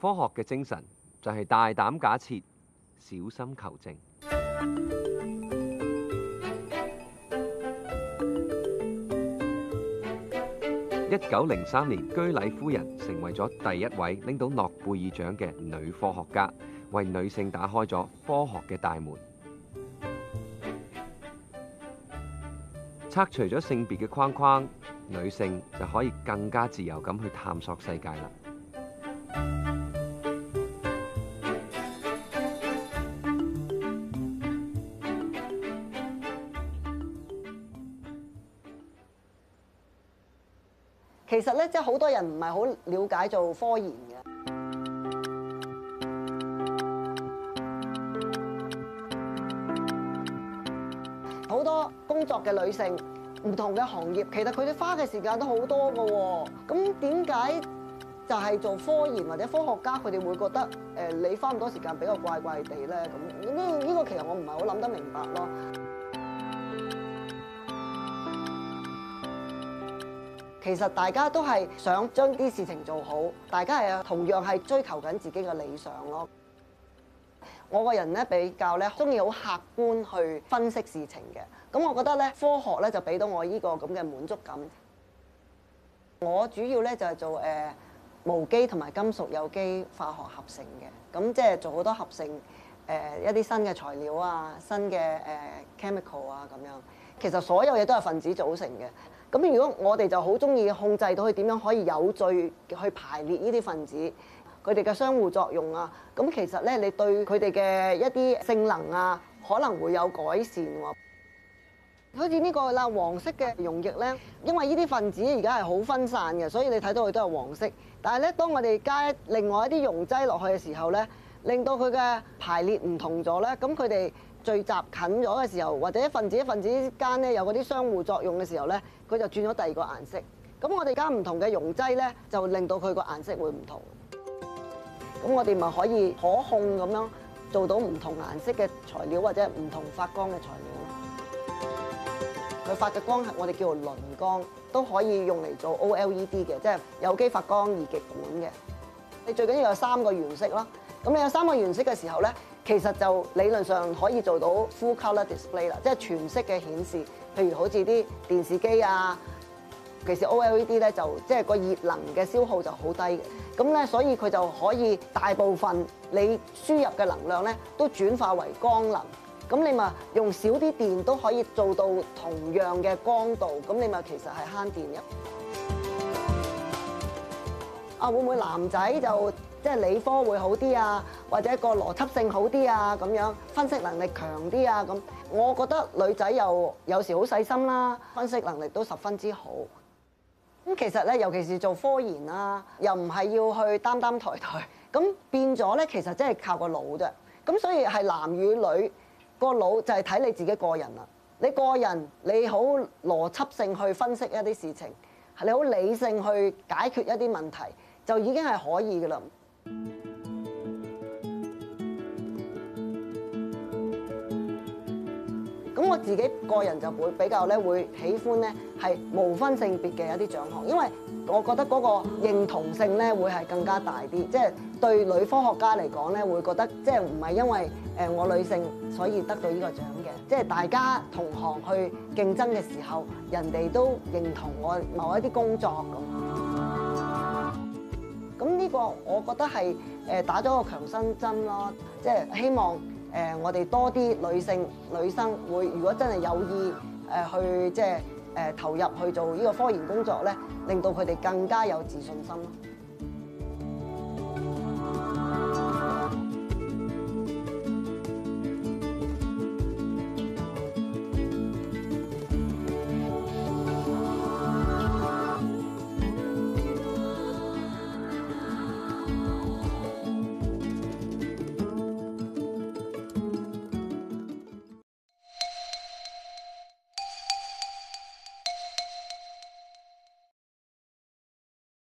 科學嘅精神就係大膽假設，小心求證。一九零三年，居禮夫人成為咗第一位拎到諾貝爾獎嘅女科學家，為女性打開咗科學嘅大門。拆除咗性別嘅框框，女性就可以更加自由咁去探索世界啦。其實咧，即係好多人唔係好了解做科研嘅，好多工作嘅女性，唔同嘅行業，其實佢哋花嘅時間都好多㗎喎。咁點解就係做科研或者科學家佢哋會覺得誒你花咁多時間比較怪怪地咧？咁呢呢個其實我唔係好諗得明白咯。其實大家都係想將啲事情做好，大家係同樣係追求緊自己嘅理想咯。我個人咧比較咧中意好客觀去分析事情嘅，咁我覺得咧科學咧就俾到我呢個咁嘅滿足感。我主要咧就係做誒無機同埋金屬有機化學合成嘅，咁即係做好多合成。誒一啲新嘅材料啊，新嘅誒 chemical 啊，咁樣其實所有嘢都係分子組成嘅。咁如果我哋就好中意控制到佢點樣可以有序去排列呢啲分子，佢哋嘅相互作用啊，咁其實咧你對佢哋嘅一啲性能啊可能會有改善喎啊。好似呢個啦，黃色嘅溶液咧，因為呢啲分子而家係好分散嘅，所以你睇到佢都係黃色。但係咧，當我哋加另外一啲溶劑落去嘅時候咧。令到佢嘅排列唔同咗咧，咁佢哋聚集近咗嘅時候，或者分子一分子之間咧有嗰啲相互作用嘅時候咧，佢就轉咗第二個顏色。咁我哋加唔同嘅溶劑咧，就令到佢個顏色會唔同。咁我哋咪可以可控咁樣做到唔同顏色嘅材料或者唔同發光嘅材料咯。佢發嘅光係我哋叫做磷光，都可以用嚟做 OLED 嘅，即係有機發光二極管嘅。你最緊要有三個原色咯。咁你有三個原色嘅時候咧，其實就理論上可以做到 full color display 啦，即係全色嘅顯示。譬如好似啲電視機啊，其實 OLED 咧就即係個熱能嘅消耗就好低嘅。咁咧，所以佢就可以大部分你輸入嘅能量咧都轉化為光能。咁你咪用少啲電都可以做到同樣嘅光度。咁你咪其實係慳電入啊，會唔會男仔就？即係理科會好啲啊，或者個邏輯性好啲啊，咁樣分析能力強啲啊，咁我覺得女仔又有時好細心啦，分析能力都十分之好。咁其實咧，尤其是做科研啦，又唔係要去擔擔抬抬，咁變咗咧，其實真係靠個腦啫。咁所以係男與女個腦就係睇你自己個人啦。你個人你好邏輯性去分析一啲事情，你好理性去解決一啲問題，就已經係可以㗎啦。咁我自己個人就會比較咧，會喜歡咧，係無分性別嘅一啲獎項，因為我覺得嗰個認同性咧會係更加大啲，即係對女科學家嚟講咧，會覺得即係唔係因為誒我女性所以得到呢個獎嘅，即係大家同行去競爭嘅時候，人哋都認同我某一啲工作咁。咁呢個我覺得係誒打咗個強心針咯，即係希望誒我哋多啲女性女生會，如果真係有意誒去即係誒投入去做呢個科研工作咧，令到佢哋更加有自信心。